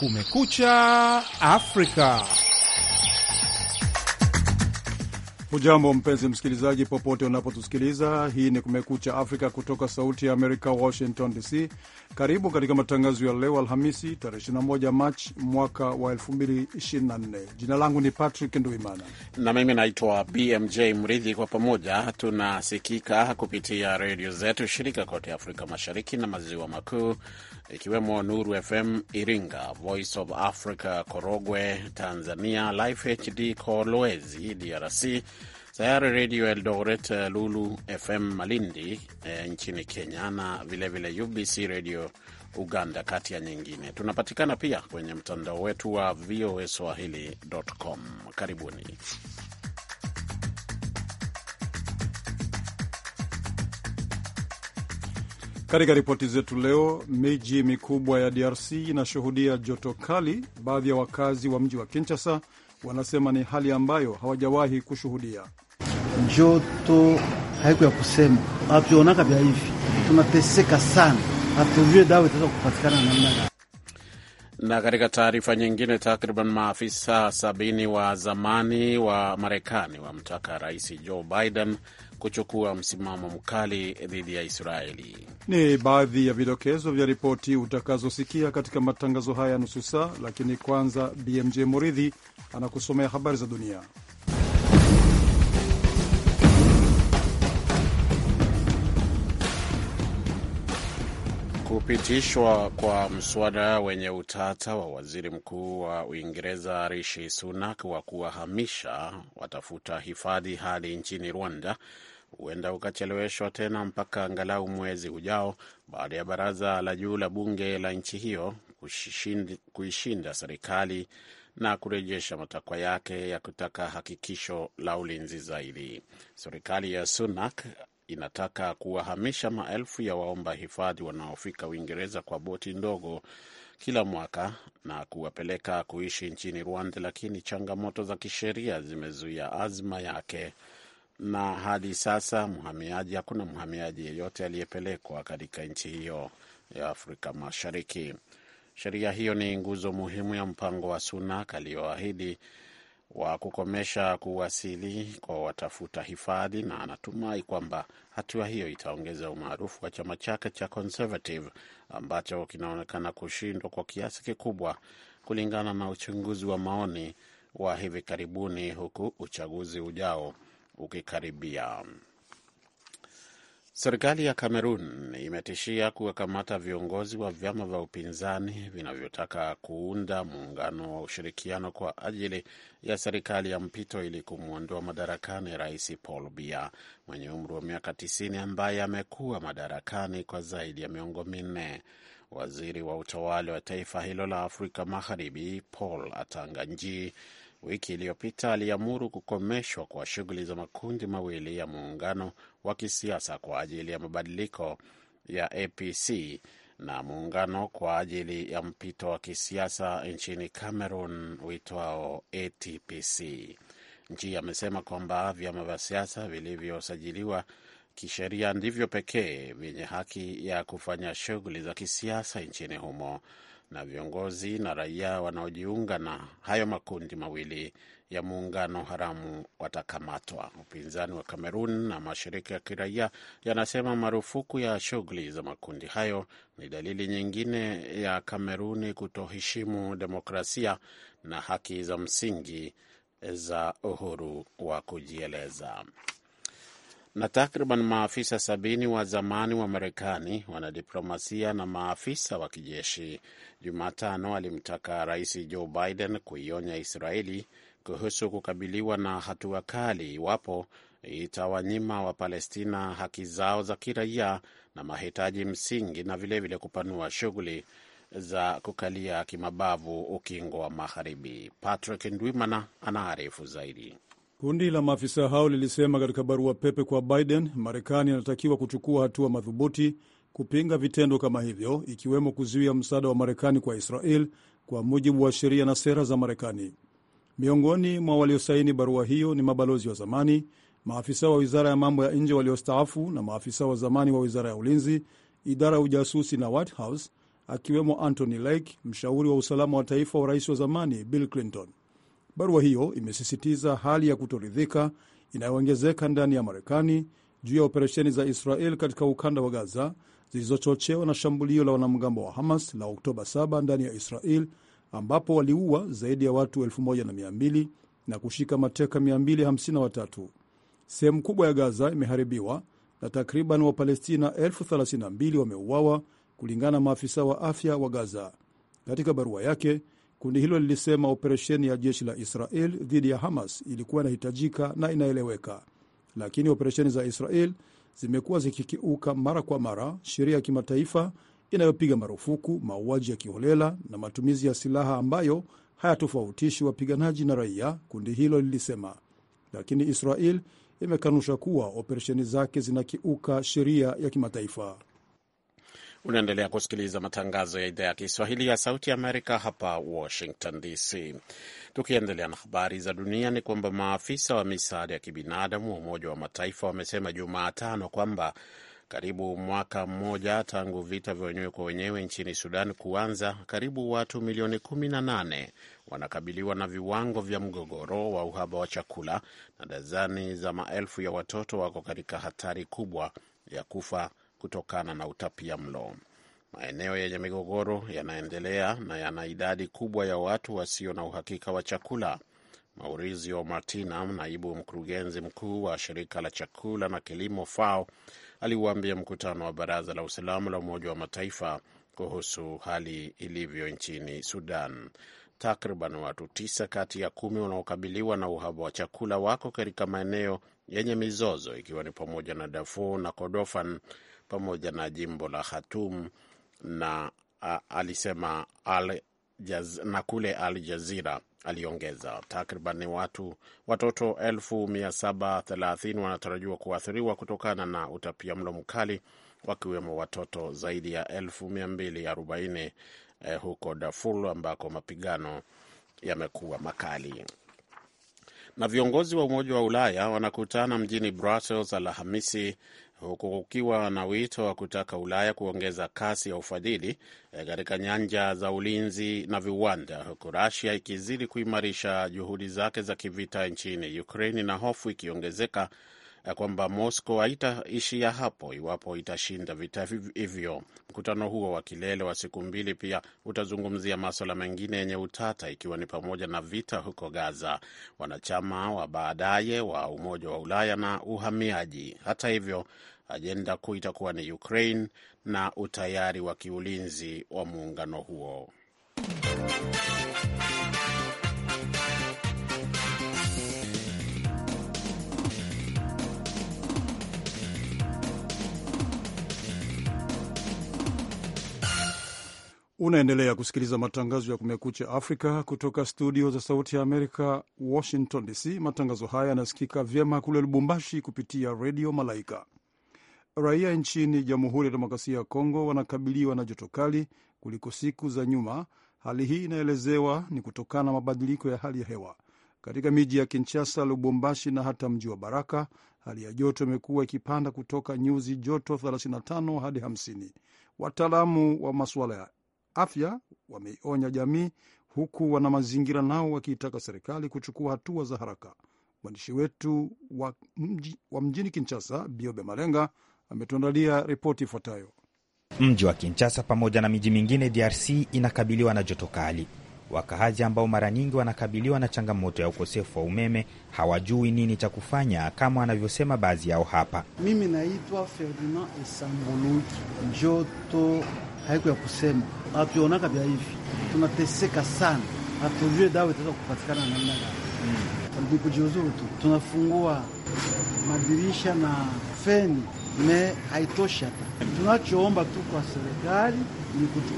Kumekucha Afrika. Ujambo mpenzi msikilizaji, popote unapotusikiliza. Hii ni Kumekucha Afrika kutoka Sauti ya Amerika, Washington DC. Karibu katika matangazo ya leo Alhamisi, tarehe 21 Machi mwaka wa 2024. Jina langu ni Patrick Nduimana na mimi naitwa BMJ Mridhi. Kwa pamoja tunasikika kupitia redio zetu shirika kote Afrika Mashariki na Maziwa Makuu, ikiwemo Nuru FM Iringa, Voice of Africa Korogwe Tanzania, Life HD Kolwezi DRC, Sayari Radio Eldoret, eh, Lulu FM Malindi e, nchini Kenya na vilevile vile UBC Radio Uganda, kati ya nyingine. Tunapatikana pia kwenye mtandao wetu wa VOA Swahili.com. Karibuni. Katika ripoti zetu leo, miji mikubwa ya DRC inashuhudia joto kali. Baadhi ya wakazi wa mji wa Kinshasa wanasema ni hali ambayo hawajawahi kushuhudia. Joto haiku ya kusema, hatuonaka vya hivi, tunateseka sana, hatujue dawa itaweza kupatikana namna gani. Na katika taarifa nyingine, takriban maafisa sabini wa zamani wa Marekani wamtaka Rais Joe Biden kuchukua msimamo mkali dhidi ya Israeli. Ni baadhi ya vidokezo vya ripoti utakazosikia katika matangazo haya nusu saa, lakini kwanza BMJ Muridhi anakusomea habari za dunia. Kupitishwa kwa mswada wenye utata wa waziri mkuu wa Uingereza Rishi Sunak wa kuwahamisha watafuta hifadhi hadi nchini Rwanda huenda ukacheleweshwa tena mpaka angalau mwezi ujao baada ya baraza la juu la bunge la nchi hiyo kuishinda serikali na kurejesha matakwa yake ya kutaka hakikisho la ulinzi zaidi. Serikali ya Sunak inataka kuwahamisha maelfu ya waomba hifadhi wanaofika Uingereza kwa boti ndogo kila mwaka na kuwapeleka kuishi nchini Rwanda, lakini changamoto za kisheria zimezuia azma yake, na hadi sasa mhamiaji, hakuna mhamiaji yeyote aliyepelekwa katika nchi hiyo ya Afrika Mashariki. Sheria hiyo ni nguzo muhimu ya mpango wa Sunak aliyoahidi wa kukomesha kuwasili kwa watafuta hifadhi na anatumai kwamba hatua hiyo itaongeza umaarufu wa chama chake cha Conservative ambacho kinaonekana kushindwa kwa kiasi kikubwa kulingana na uchunguzi wa maoni wa hivi karibuni, huku uchaguzi ujao ukikaribia. Serikali ya Kamerun imetishia kuwakamata viongozi wa vyama vya upinzani vinavyotaka kuunda muungano wa ushirikiano kwa ajili ya serikali ya mpito ili kumwondoa madarakani Rais Paul Biya mwenye umri wa miaka 90 ambaye amekuwa madarakani kwa zaidi ya miongo minne. Waziri wa utawala wa taifa hilo la Afrika Magharibi Paul Atanganji wiki iliyopita aliamuru kukomeshwa kwa shughuli za makundi mawili ya muungano wa kisiasa kwa ajili ya mabadiliko ya APC na muungano kwa ajili ya mpito wa kisiasa nchini Cameroon uitwao ATPC. Nchi amesema kwamba vyama vya siasa vilivyosajiliwa kisheria ndivyo pekee vyenye haki ya kufanya shughuli za kisiasa nchini humo na viongozi na raia wanaojiunga na hayo makundi mawili ya muungano haramu watakamatwa. Upinzani wa Kamerun na mashirika ya kiraia yanasema marufuku ya shughuli za makundi hayo ni dalili nyingine ya Kameruni kutoheshimu demokrasia na haki za msingi za uhuru wa kujieleza na takriban maafisa sabini wa zamani wa Marekani, wanadiplomasia na maafisa wa kijeshi Jumatano alimtaka Rais Joe Biden kuionya Israeli kuhusu kukabiliwa na hatua kali iwapo itawanyima Wapalestina haki zao za kiraia na mahitaji msingi na vilevile vile kupanua shughuli za kukalia kimabavu ukingo wa Magharibi. Patrick Ndwimana anaarifu zaidi. Kundi la maafisa hao lilisema katika barua pepe kwa Biden, Marekani inatakiwa kuchukua hatua madhubuti kupinga vitendo kama hivyo, ikiwemo kuzuia msaada wa Marekani kwa Israel kwa mujibu wa sheria na sera za Marekani. Miongoni mwa waliosaini barua hiyo ni mabalozi wa zamani, maafisa wa wizara ya mambo ya nje waliostaafu na maafisa wa zamani wa wizara ya ulinzi, idara ya ujasusi na White House, akiwemo Anthony Lake, mshauri wa usalama wa taifa wa rais wa zamani Bill Clinton. Barua hiyo imesisitiza hali ya kutoridhika inayoongezeka ndani ya Marekani juu ya operesheni za Israel katika ukanda wa Gaza zilizochochewa na shambulio la wanamgambo wa Hamas la Oktoba 7 ndani ya Israel ambapo waliua zaidi ya watu 1200 na kushika mateka 253. Sehemu kubwa ya Gaza imeharibiwa na takriban Wapalestina 32 wameuawa, kulingana na maafisa wa afya wa Gaza. Katika barua yake Kundi hilo lilisema operesheni ya jeshi la Israel dhidi ya Hamas ilikuwa inahitajika na inaeleweka, lakini operesheni za Israel zimekuwa zikikiuka mara kwa mara sheria ya kimataifa inayopiga marufuku mauaji ya kiholela na matumizi ya silaha ambayo hayatofautishi wapiganaji na raia, kundi hilo lilisema. Lakini Israel imekanusha kuwa operesheni zake zinakiuka sheria ya kimataifa. Unaendelea kusikiliza matangazo ya idhaa ya Kiswahili ya Sauti Amerika hapa Washington DC. Tukiendelea na habari za dunia, ni kwamba maafisa wa misaada ya kibinadamu wa Umoja wa Mataifa wamesema Jumatano kwamba karibu mwaka mmoja tangu vita vya wenyewe kwa wenyewe nchini Sudan kuanza, karibu watu milioni 18 wanakabiliwa na viwango vya mgogoro wa uhaba wa chakula na dazani za maelfu ya watoto wako katika hatari kubwa ya kufa kutokana na utapia mlo. Maeneo yenye migogoro yanaendelea na yana idadi kubwa ya watu wasio na uhakika wa chakula. Maurizio Martina, naibu mkurugenzi mkuu wa shirika la chakula na kilimo FAO, aliuambia mkutano wa baraza la usalama la Umoja wa Mataifa kuhusu hali ilivyo nchini Sudan. Takriban watu tisa kati ya kumi wanaokabiliwa na uhaba wa chakula wako katika maeneo yenye mizozo, ikiwa ni pamoja na Darfur na Kordofan pamoja na jimbo la Khartoum na a, alisema al jaz, na kule Al Jazira aliongeza takriban watu watoto thelathini wanatarajiwa kuathiriwa kutokana na utapia mlo mkali wakiwemo watoto zaidi ya 240 eh, huko Darfur ambako mapigano yamekuwa makali. Na viongozi wa Umoja wa Ulaya wanakutana mjini Brussels Alhamisi huku kukiwa na wito wa kutaka Ulaya kuongeza kasi ya ufadhili eh, katika nyanja za ulinzi na viwanda, huku Rusia ikizidi kuimarisha juhudi zake za kivita nchini Ukraini na hofu ikiongezeka kwamba Moscow haitaishia hapo iwapo itashinda vita hivyo. Mkutano huo wa kilele wa siku mbili pia utazungumzia maswala mengine yenye utata, ikiwa ni pamoja na vita huko Gaza, wanachama wa baadaye wa Umoja wa Ulaya na uhamiaji. Hata hivyo, ajenda kuu itakuwa ni Ukraine na utayari wa kiulinzi wa muungano huo. Unaendelea kusikiliza matangazo ya Kumekucha Afrika kutoka studio za Sauti ya Amerika, Washington DC. Matangazo haya yanasikika vyema kule Lubumbashi kupitia Redio Malaika. Raia nchini Jamhuri ya Demokrasia ya Kongo wanakabiliwa na joto kali kuliko siku za nyuma. Hali hii inaelezewa ni kutokana na mabadiliko ya hali ya hewa katika miji ya Kinshasa, Lubumbashi na hata mji wa Baraka. Hali ya joto imekuwa ikipanda kutoka nyuzi joto 35 hadi 50. Wataalamu wa masuala ya afya wameionya jamii, huku wana mazingira nao wakiitaka serikali kuchukua hatua za haraka. Mwandishi wetu wa, mji, wa mjini Kinshasa, Biobe Malenga ametuandalia ripoti ifuatayo. Mji wa Kinshasa pamoja na miji mingine DRC inakabiliwa na joto kali. Wakaazi ambao mara nyingi wanakabiliwa na changamoto ya ukosefu wa umeme hawajui nini cha kufanya, kama wanavyosema baadhi yao hapa. Mimi naitwa Ferdinand Esambuluki. Njoto haiko ya kusema, hatuonaka vya hivi, tunateseka sana, hatujue dawa itaweza kupatikana namna gani. Hmm. Ni kujiuzuru tu, tunafungua madirisha na feni, me haitoshi. Hata tunachoomba tu kwa serikali ni kutu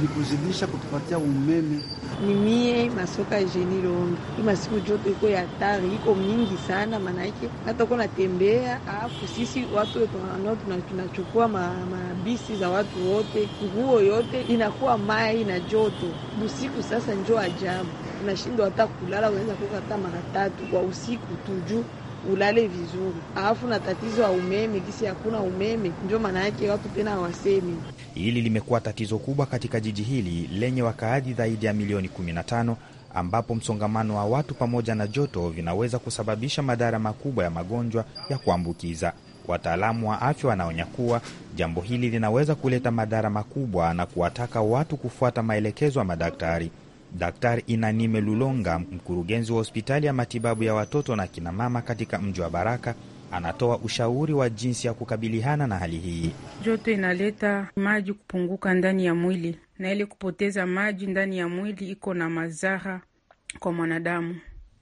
ni kuzidisha kutupatia umeme. Ni mie Masoka Jeni Longi, hii masiku joto iko ya tari iko mingi sana, manake hata uko natembea, alafu sisi watu tunanao tunachukua mabisi ma za watu wote, nguo yote inakuwa mai na joto busiku. Sasa njo ajabu, unashindwa hata kulala, unaweza kuka hata mara tatu kwa usiku tuju ulale vizuri, alafu na tatizo ya umeme, kisi hakuna umeme, njo maana yake watu tena hawasemi Hili limekuwa tatizo kubwa katika jiji hili lenye wakaaji zaidi ya milioni 15 ambapo msongamano wa watu pamoja na joto vinaweza kusababisha madhara makubwa ya magonjwa ya kuambukiza. Wataalamu wa afya wanaonya kuwa jambo hili linaweza kuleta madhara makubwa na kuwataka watu kufuata maelekezo ya madaktari. Daktari Inanime Lulonga, mkurugenzi wa hospitali ya matibabu ya watoto na kinamama katika mji wa Baraka, anatoa ushauri wa jinsi ya kukabiliana na hali hii. Joto inaleta maji kupunguka ndani ya mwili, na ile kupoteza maji ndani ya mwili iko na madhara kwa mwanadamu.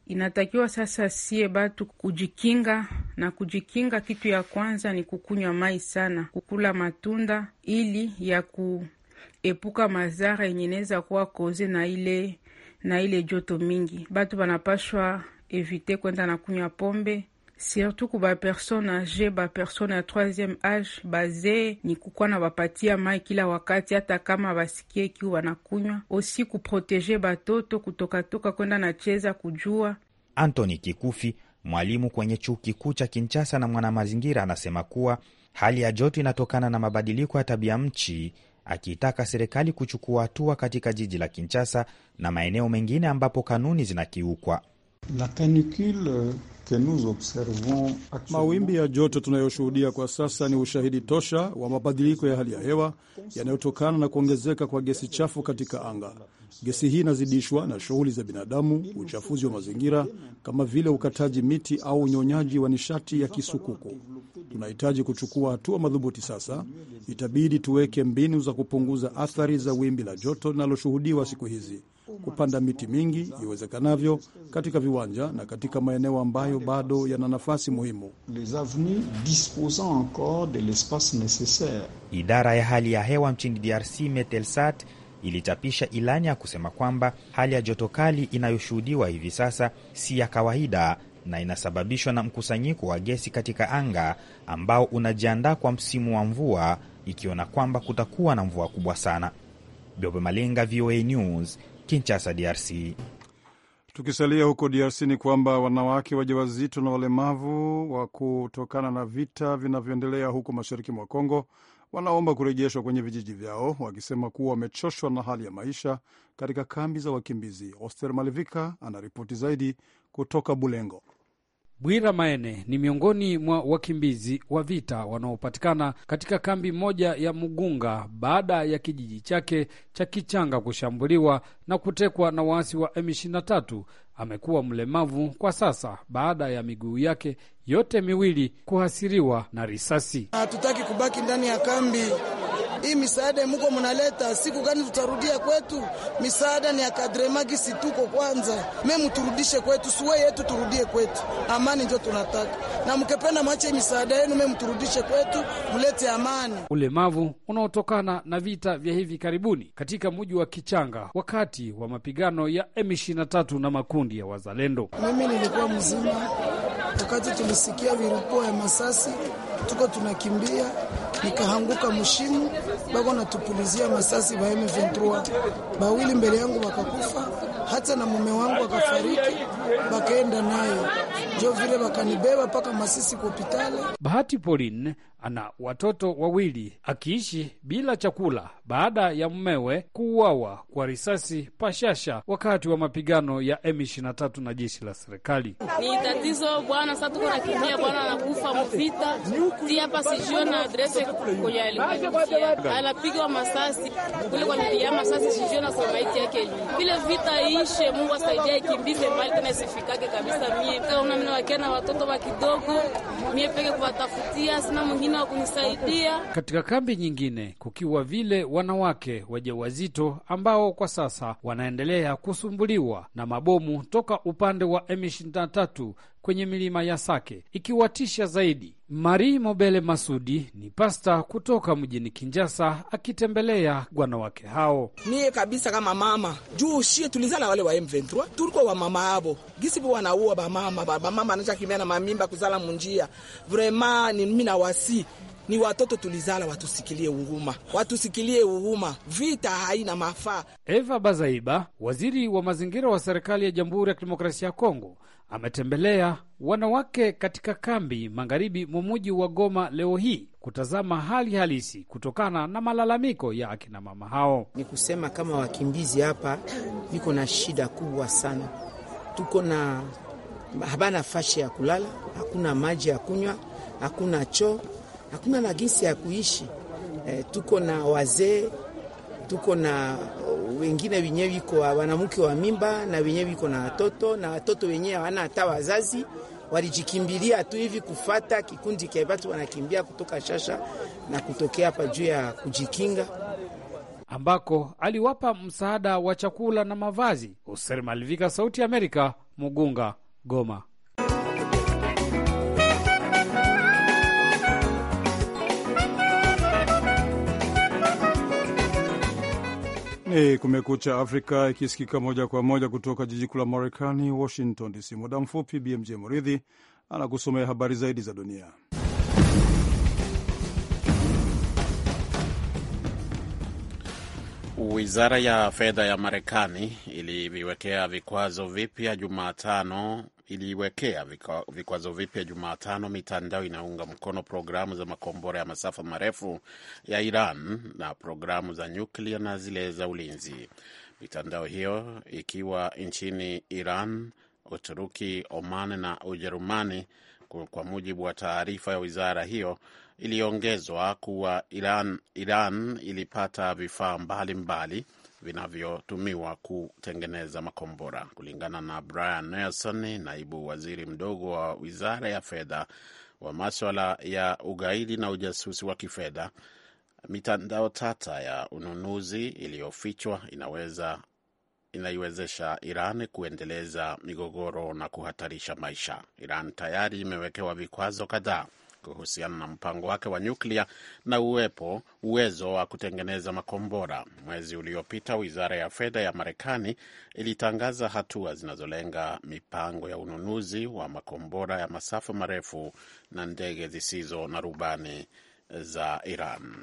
Inatakiwa sasa sie batu kujikinga na kujikinga, kitu ya kwanza ni kukunywa mai sana, kukula matunda ili ya kuepuka madhara yenye inaweza kuwa koze na ile na ile joto mingi. Batu banapashwa evite kwenda na kunywa pombe surtout ku bapersone age bapersone ya troisième age bazee, ni kukuwa na bapatia mai kila wakati, hata kama basikie kiu wanakunywa osi, kuproteje batoto kutokatoka kwenda na cheza kujua. Anthony Kikufi, mwalimu kwenye chuu kikuu cha Kinshasa na mwanamazingira, anasema kuwa hali ya joto inatokana na mabadiliko ya tabia mchi, akiitaka serikali kuchukua hatua katika jiji la Kinshasa na maeneo mengine ambapo kanuni zinakiukwa. La canicule que nous observons mawimbi ya joto tunayoshuhudia kwa sasa ni ushahidi tosha wa mabadiliko ya hali ya hewa yanayotokana na kuongezeka kwa gesi chafu katika anga. Gesi hii inazidishwa na shughuli za binadamu, uchafuzi wa mazingira kama vile ukataji miti au unyonyaji wa nishati ya kisukuku. Tunahitaji kuchukua hatua madhubuti sasa. Itabidi tuweke mbinu za kupunguza athari za wimbi la joto linaloshuhudiwa siku hizi kupanda miti mingi iwezekanavyo katika viwanja na katika maeneo ambayo bado yana nafasi muhimu. Idara ya hali ya hewa nchini DRC Metelsat ilichapisha ilani ya kusema kwamba hali ya joto kali inayoshuhudiwa hivi sasa si ya kawaida na inasababishwa na mkusanyiko wa gesi katika anga ambao unajiandaa kwa msimu wa mvua, ikiona kwamba kutakuwa na mvua kubwa sana. Biobe Malenga, VOA News, kinchasa DRC. Tukisalia huko DRC ni kwamba wanawake wajawazito na walemavu wa kutokana na vita vinavyoendelea huko mashariki mwa Kongo wanaomba kurejeshwa kwenye vijiji vyao, wakisema kuwa wamechoshwa na hali ya maisha katika kambi za wakimbizi. Oster Malivika anaripoti zaidi kutoka Bulengo. Bwira Maene ni miongoni mwa wakimbizi wa vita wanaopatikana katika kambi moja ya Mugunga baada ya kijiji chake cha Kichanga kushambuliwa na kutekwa na waasi wa M23. Amekuwa mlemavu kwa sasa baada ya miguu yake yote miwili kuhasiriwa na risasi. Hatutaki kubaki ndani ya kambi hii misaada muko mnaleta, siku gani tutarudia kwetu? Misaada ni akadremagi situko kwanza, me mturudishe kwetu, suwe yetu turudie kwetu, amani ndio tunataka, na mkependa mwache misaada yenu, me mturudishe kwetu, mlete amani. Ulemavu unaotokana na vita vya hivi karibuni katika mji wa Kichanga wakati wa mapigano ya M23 na makundi ya wazalendo. Mimi nilikuwa mzima wakati tulisikia virupo ya masasi, tuko tunakimbia nikahanguka mushimu, bako natupulizia masasi ba M23 bawili mbele yangu bakakufa, hata na mume wangu akafariki, bakaenda nayo jo vile bakanibeba mpaka Masisi hospitali. Bahati Pauline ana watoto wawili akiishi bila chakula baada ya mmewe kuuawa kwa risasi pashasha wakati wa mapigano ya M23 na jeshi la serikali. Ni tatizo bwana, sasa tuko na kimia bwana, anakufa mvita ti hapa, sijio na adrese kwenye alikuwa anapigwa masasi kule kwenye ya masasi, sijio na samaiti yake vile vita iishe. Mungu asaidia ikimbize mbali tena isifikake kabisa. Mie kaona wakia na watoto wa kidogo mie peke kuwatafutia, sina mwingine hakuna kunisaidia. Katika kambi nyingine kukiwa vile wanawake wajawazito ambao kwa sasa wanaendelea kusumbuliwa na mabomu toka upande wa M23 kwenye milima ya Sake ikiwatisha zaidi Mari Mobele Masudi ni pasta kutoka mjini Kinjasa akitembelea wanawake hao. Mie kabisa kama mama juu shie tulizala wale wa M23 tuliko wa mama abo gisipo wanaua bamama bamama anacha kimia na mamimba kuzala munjia vrema ni mimi na wasi ni watoto tulizala, watusikilie huruma, watusikilie huruma, vita haina mafaa. Eva Bazaiba, waziri wa mazingira wa serikali ya Jamhuri ya Kidemokrasia ya Kongo, ametembelea wanawake katika kambi magharibi mwa muji wa Goma leo hii kutazama hali halisi kutokana na malalamiko ya akinamama hao. Ni kusema kama wakimbizi hapa niko na shida kubwa sana, tuko na habana fashi ya kulala, hakuna maji ya kunywa, hakuna choo, hakuna na gisi ya kuishi e, tuko na wazee, tuko na wengine wenyewe iko wanamke wa mimba na wenyewe iko na watoto na watoto wenyewe hawana hata wazazi, walijikimbilia tu hivi kufata kikundi kia watu wanakimbia kutoka Shasha na kutokea hapa juu ya kujikinga, ambako aliwapa msaada wa chakula na mavazi. Hoser Malivika, Sauti ya Amerika, Mugunga, Goma. Ni Kumekucha Afrika ikisikika moja kwa moja kutoka jiji kuu la Marekani, Washington DC. Muda mfupi BMJ Muridhi anakusomea habari zaidi za dunia. Wizara ya fedha ya Marekani iliviwekea vikwazo vipya Jumatano iliiwekea vikwazo vipya Jumatano mitandao inaunga mkono programu za makombora ya masafa marefu ya Iran na programu za nyuklia na zile za ulinzi. Mitandao hiyo ikiwa nchini Iran, Uturuki, Oman na Ujerumani. Kwa mujibu wa taarifa ya wizara hiyo, iliongezwa kuwa Iran, Iran ilipata vifaa mbalimbali vinavyotumiwa kutengeneza makombora. Kulingana na Brian Nelson, naibu waziri mdogo wa wizara ya fedha wa maswala ya ugaidi na ujasusi wa kifedha, mitandao tata ya ununuzi iliyofichwa inaweza inaiwezesha Iran kuendeleza migogoro na kuhatarisha maisha. Iran tayari imewekewa vikwazo kadhaa kuhusiana na mpango wake wa nyuklia na uwepo uwezo wa kutengeneza makombora. Mwezi uliopita, wizara ya fedha ya Marekani ilitangaza hatua zinazolenga mipango ya ununuzi wa makombora ya masafa marefu na ndege zisizo na rubani za Iran.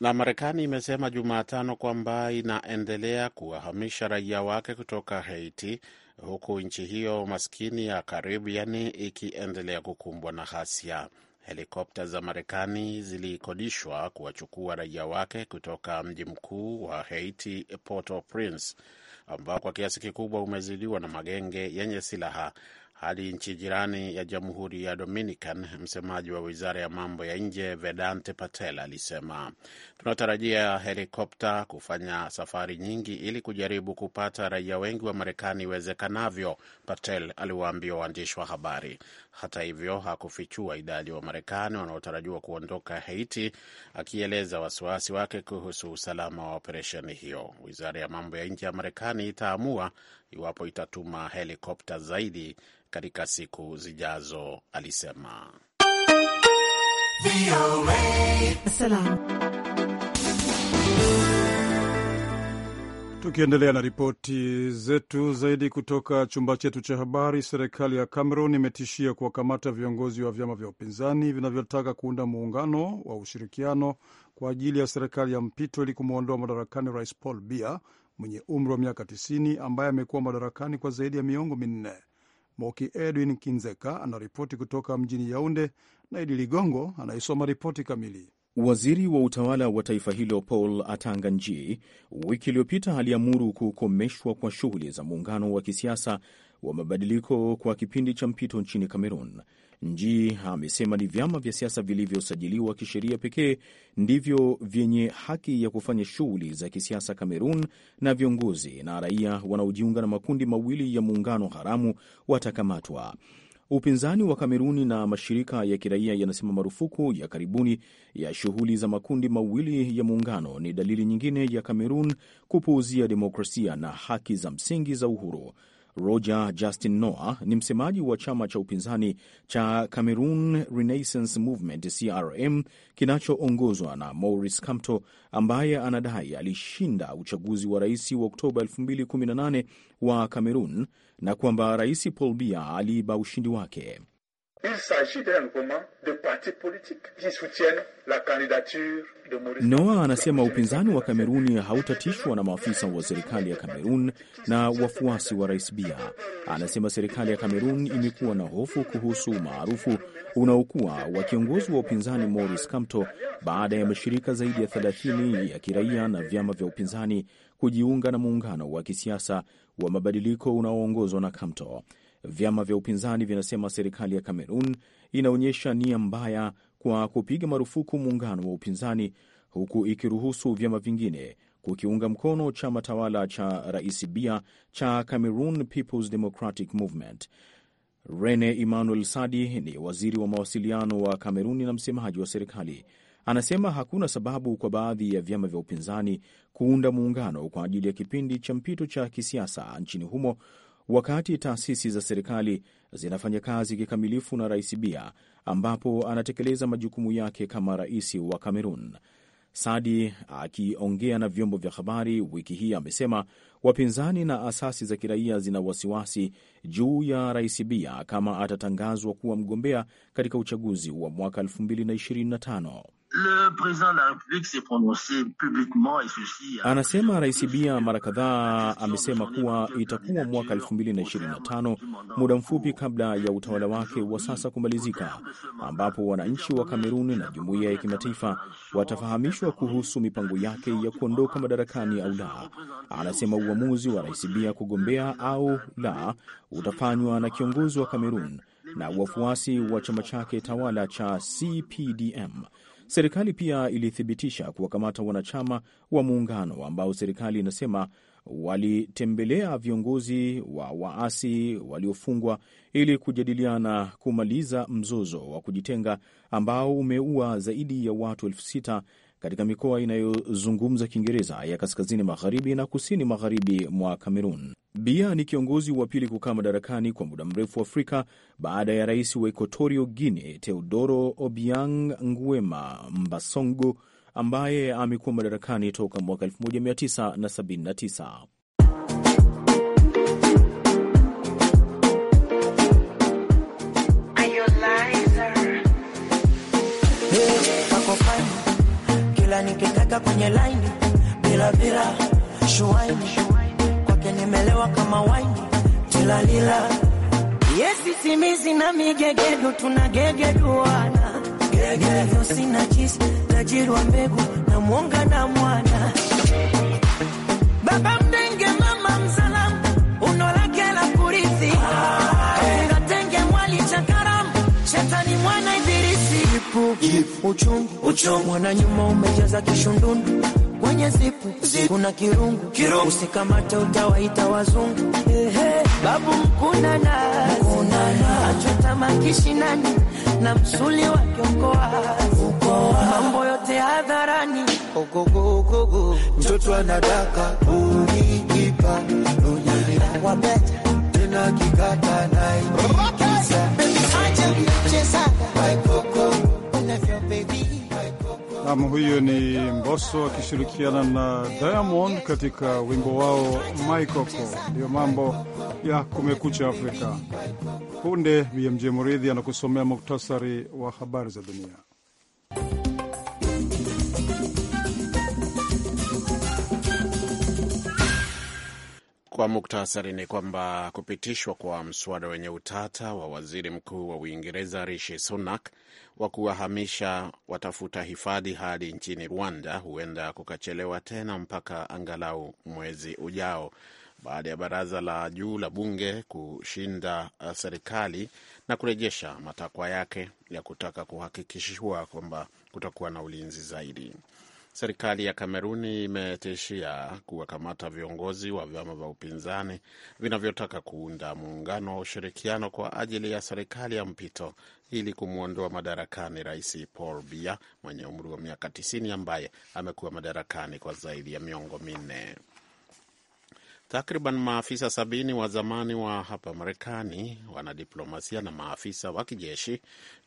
Na Marekani imesema Jumatano kwamba inaendelea kuwahamisha raia wake kutoka Haiti huku nchi hiyo maskini ya Karibiani ikiendelea kukumbwa na ghasia. Helikopta za Marekani zilikodishwa kuwachukua raia wake kutoka mji mkuu wa Haiti, Port au Prince, ambao kwa kiasi kikubwa umezidiwa na magenge yenye silaha hadi nchi jirani ya Jamhuri ya Dominican. Msemaji wa wizara ya mambo ya nje Vedante Patel alisema, tunatarajia helikopta kufanya safari nyingi ili kujaribu kupata raia wengi wa Marekani iwezekanavyo, Patel aliwaambia waandishi wa habari. Hata hivyo, hakufichua idadi wa marekani wanaotarajiwa kuondoka Haiti, akieleza wasiwasi wake kuhusu usalama wa operesheni hiyo. Wizara ya mambo ya nje ya Marekani itaamua iwapo itatuma helikopta zaidi katika siku zijazo, alisema. Tukiendelea na ripoti zetu zaidi kutoka chumba chetu cha habari, serikali ya Cameroon imetishia kuwakamata viongozi wa vyama vya upinzani vinavyotaka kuunda muungano wa ushirikiano kwa ajili ya serikali ya mpito ili kumwondoa madarakani Rais Paul Biya mwenye umri wa miaka 90 ambaye amekuwa madarakani kwa zaidi ya miongo minne. Moki Edwin Kinzeka anaripoti kutoka mjini Yaunde na Idi Ligongo anaisoma ripoti kamili. Waziri wa utawala wa taifa hilo Paul Atanga Nji wiki iliyopita aliamuru kukomeshwa kwa shughuli za muungano wa kisiasa wa mabadiliko kwa kipindi cha mpito nchini Kamerun. Nji amesema ni vyama vya siasa vilivyosajiliwa kisheria pekee ndivyo vyenye haki ya kufanya shughuli za kisiasa Kamerun, na viongozi na raia wanaojiunga na makundi mawili ya muungano haramu watakamatwa. Upinzani wa Kameruni na mashirika ya kiraia yanasema marufuku ya karibuni ya shughuli za makundi mawili ya muungano ni dalili nyingine ya Kamerun kupuuzia demokrasia na haki za msingi za uhuru. Roger Justin Noah ni msemaji wa chama cha upinzani cha Cameroon Renaissance Movement CRM kinachoongozwa na Maurice Kamto ambaye anadai alishinda uchaguzi wa rais wa Oktoba 2018 wa Cameroon na kwamba Rais Paul Biya aliiba ushindi wake. Il s'agit d'un mouvement de partis politiques qui soutiennent la candidature de Maurice. Noa anasema upinzani wa Kameruni hautatishwa na maafisa wa serikali ya Kamerun na wafuasi wa Rais bia Anasema serikali ya Kamerun imekuwa na hofu kuhusu umaarufu unaokuwa wa kiongozi wa upinzani Maurice Kamto baada ya mashirika zaidi ya 30 ya kiraia na vyama vya upinzani kujiunga na muungano wa kisiasa wa mabadiliko unaoongozwa na Kamto. Vyama vya upinzani vinasema serikali ya Kamerun inaonyesha nia mbaya kwa kupiga marufuku muungano wa upinzani huku ikiruhusu vyama vingine kukiunga mkono chama tawala cha Rais bia cha Cameroon People's Democratic Movement. Rene Emmanuel Sadi ni waziri wa mawasiliano wa Kameruni na msemaji wa serikali. Anasema hakuna sababu kwa baadhi ya vyama vya upinzani kuunda muungano kwa ajili ya kipindi cha mpito cha kisiasa nchini humo wakati taasisi za serikali zinafanya kazi kikamilifu na Rais bia ambapo anatekeleza majukumu yake kama rais wa Kamerun. Sadi akiongea na vyombo vya habari wiki hii amesema wapinzani na asasi za kiraia zina wasiwasi juu ya Rais bia kama atatangazwa kuwa mgombea katika uchaguzi wa mwaka 2025. Anasema Rais bia mara kadhaa amesema kuwa itakuwa mwaka 2025 muda mfupi kabla ya utawala wake wa sasa kumalizika, ambapo wananchi wa Kamerun na jumuiya ya kimataifa watafahamishwa kuhusu mipango yake ya kuondoka madarakani au la. Anasema uamuzi wa Rais bia kugombea au la utafanywa na kiongozi wa Kamerun na wafuasi wa chama chake tawala cha CPDM Serikali pia ilithibitisha kuwakamata wanachama wa muungano ambao serikali inasema walitembelea viongozi wa waasi waliofungwa ili kujadiliana kumaliza mzozo wa kujitenga ambao umeua zaidi ya watu elfu sita katika mikoa inayozungumza Kiingereza ya kaskazini magharibi na kusini magharibi mwa Kamerun bia ni kiongozi wa pili kukaa madarakani kwa muda mrefu Afrika baada ya rais wa Equatorio guine Teodoro Obiang Nguema Mbasongo ambaye amekuwa madarakani toka mwaka 1979. nikitaka kwenye bila bila shuaini nimelewa kama waini tilalila. Yesi simizi na migegedu tunagegeduana gegedu sina chisi tajiri wa mbegu na mwonga na mwana baba mdenge mama unolake unolakela kurithi ungatenge mwali chakaram shetani mwana Ibilisi uchungu mwana nyuma umejaza kishundundu Fanya zipu, zipu. Kuna kirungu, kirungu. Usikamate utawaita wazungu Ehe. Babu mkuna nazi achota nani na msuli wa kiongoa mambo yote hadharani ogogogogo mtoto anadaka ulikipa wabeta tena kikata naiisa acha mchezaga Nam huyo ni mboso akishirikiana na Diamond katika wimbo wao Maikoko. Ndiyo mambo ya Kumekucha Afrika. Punde BMJ Muridhi anakusomea muktasari wa habari za dunia. Kwa muktasari ni kwamba kupitishwa kwa mswada wenye utata wa waziri mkuu wa Uingereza Rishi Sunak wa kuwahamisha watafuta hifadhi hadi nchini Rwanda huenda kukachelewa tena mpaka angalau mwezi ujao baada ya baraza la juu la bunge kushinda uh, serikali na kurejesha matakwa yake ya kutaka kuhakikishiwa kwamba kutakuwa na ulinzi zaidi. Serikali ya Kameruni imetishia kuwakamata viongozi wa vyama vya upinzani vinavyotaka kuunda muungano wa ushirikiano kwa ajili ya serikali ya mpito ili kumwondoa madarakani Rais Paul Biya mwenye umri wa miaka 90 ambaye amekuwa madarakani kwa zaidi ya miongo minne. Takriban maafisa sabini wa zamani wa hapa Marekani, wanadiplomasia na maafisa wa kijeshi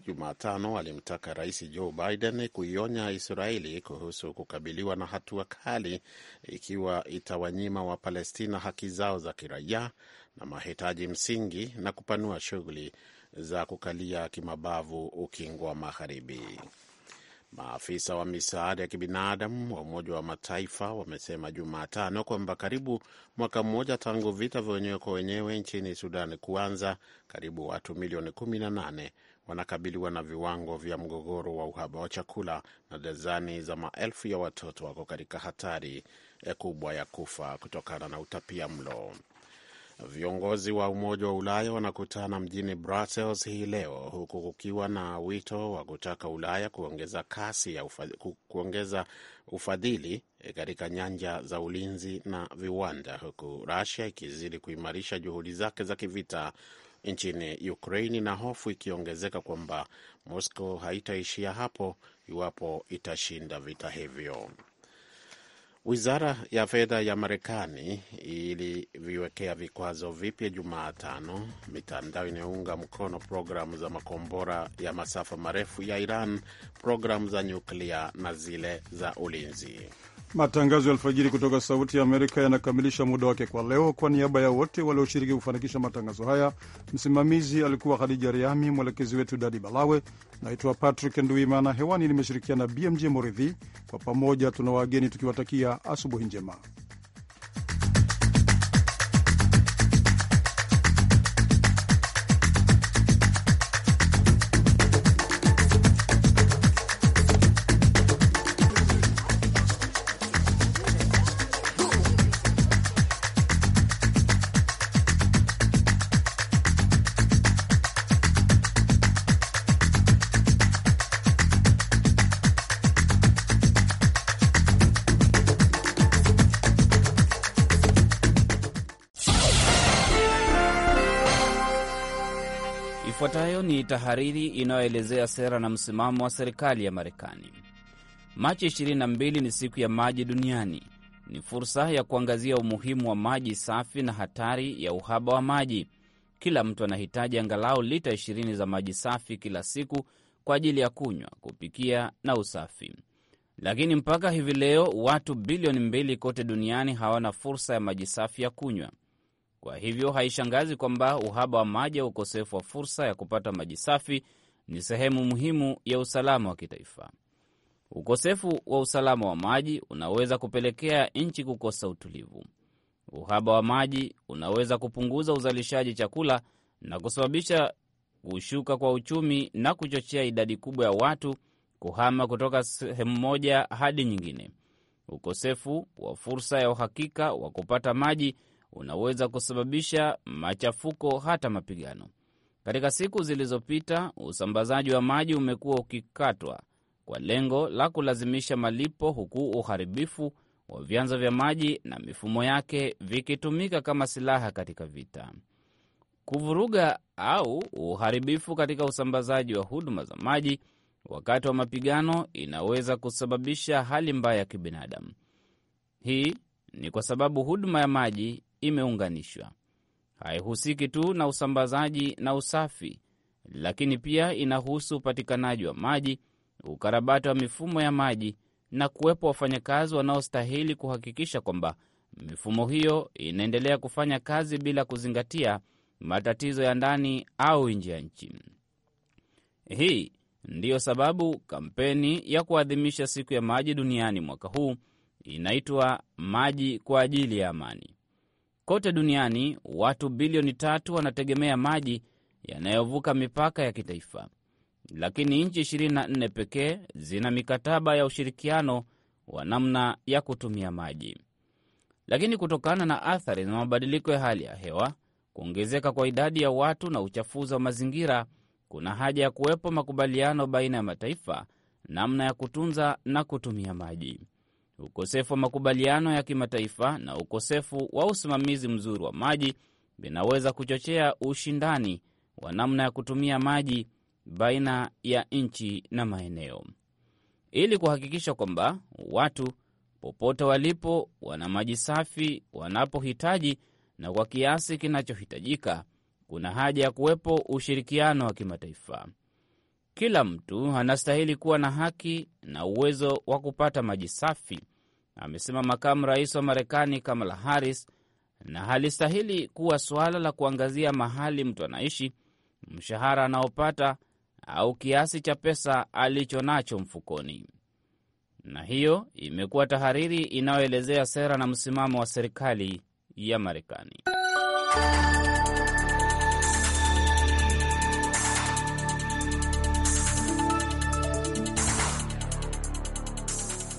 Jumatano walimtaka Rais Joe Biden kuionya Israeli kuhusu kukabiliwa na hatua kali ikiwa itawanyima Wapalestina haki zao za kiraia na mahitaji msingi na kupanua shughuli za kukalia kimabavu ukingo wa Magharibi. Maafisa wa misaada ya kibinadamu wa Umoja wa Mataifa wamesema Jumatano kwamba karibu mwaka mmoja tangu vita vya wenyewe kwa wenyewe nchini Sudan kuanza, karibu watu milioni 18 wanakabiliwa na viwango vya mgogoro wa uhaba wa chakula na dazani za maelfu ya watoto wako katika hatari eh, kubwa ya kufa kutokana na utapia mlo. Viongozi wa Umoja wa Ulaya wanakutana mjini Brussels hii leo huku kukiwa na wito wa kutaka Ulaya kuongeza kasi ya ufadhi, kuongeza ufadhili eh, katika nyanja za ulinzi na viwanda, huku Russia ikizidi kuimarisha juhudi zake za kivita nchini Ukraini na hofu ikiongezeka kwamba Moscow haitaishia hapo iwapo itashinda vita hivyo. Wizara ya fedha ya Marekani iliviwekea vikwazo vipya Jumatano mitandao inayounga mkono programu za makombora ya masafa marefu ya Iran, programu za nyuklia na zile za ulinzi. Matangazo ya alfajiri kutoka Sauti ya Amerika yanakamilisha muda wake kwa leo. Kwa niaba ya wote walioshiriki kufanikisha matangazo haya, msimamizi alikuwa Khadija Riami, mwelekezi wetu Dadi Balawe. Naitwa Patrick Nduimana, hewani nimeshirikiana BMJ Moridhi. Kwa pamoja tuna wageni tukiwatakia asubuhi njema. tahariri inayoelezea sera na msimamo wa serikali ya Marekani. Machi 22 ni siku ya maji duniani. Ni fursa ya kuangazia umuhimu wa maji safi na hatari ya uhaba wa maji. Kila mtu anahitaji angalau lita 20 za maji safi kila siku kwa ajili ya kunywa, kupikia na usafi. Lakini mpaka hivi leo watu bilioni mbili kote duniani hawana fursa ya maji safi ya kunywa. Kwa hivyo haishangazi kwamba uhaba wa maji au ukosefu wa fursa ya kupata maji safi ni sehemu muhimu ya usalama wa kitaifa. Ukosefu wa usalama wa maji unaweza kupelekea nchi kukosa utulivu. Uhaba wa maji unaweza kupunguza uzalishaji chakula na kusababisha kushuka kwa uchumi na kuchochea idadi kubwa ya watu kuhama kutoka sehemu moja hadi nyingine. Ukosefu wa fursa ya uhakika wa kupata maji unaweza kusababisha machafuko, hata mapigano. Katika siku zilizopita, usambazaji wa maji umekuwa ukikatwa kwa lengo la kulazimisha malipo, huku uharibifu wa vyanzo vya maji na mifumo yake vikitumika kama silaha katika vita. Kuvuruga au uharibifu katika usambazaji wa huduma za maji wakati wa mapigano inaweza kusababisha hali mbaya ya kibinadamu. Hii ni kwa sababu huduma ya maji imeunganishwa. Haihusiki tu na usambazaji na usafi, lakini pia inahusu upatikanaji wa maji, ukarabati wa mifumo ya maji na kuwepo wafanyakazi wanaostahili kuhakikisha kwamba mifumo hiyo inaendelea kufanya kazi bila kuzingatia matatizo ya ndani au nje ya nchi. Hii ndiyo sababu kampeni ya kuadhimisha siku ya maji duniani mwaka huu inaitwa maji kwa ajili ya amani. Kote duniani watu bilioni tatu wanategemea maji yanayovuka mipaka ya kitaifa, lakini nchi 24 pekee zina mikataba ya ushirikiano wa namna ya kutumia maji. Lakini kutokana na athari za mabadiliko ya hali ya hewa, kuongezeka kwa idadi ya watu na uchafuzi wa mazingira, kuna haja ya kuwepo makubaliano baina ya mataifa namna ya kutunza na kutumia maji ukosefu wa makubaliano ya kimataifa na ukosefu wa usimamizi mzuri wa maji vinaweza kuchochea ushindani wa namna ya kutumia maji baina ya nchi na maeneo. Ili kuhakikisha kwamba watu popote walipo wana maji safi wanapohitaji na kwa kiasi kinachohitajika, kuna haja ya kuwepo ushirikiano wa kimataifa. Kila mtu anastahili kuwa na haki na uwezo wa kupata maji safi, amesema makamu rais wa Marekani Kamala Harris, na halistahili kuwa suala la kuangazia mahali mtu anaishi, mshahara anaopata au kiasi cha pesa alicho nacho mfukoni. Na hiyo imekuwa tahariri inayoelezea sera na msimamo wa serikali ya Marekani.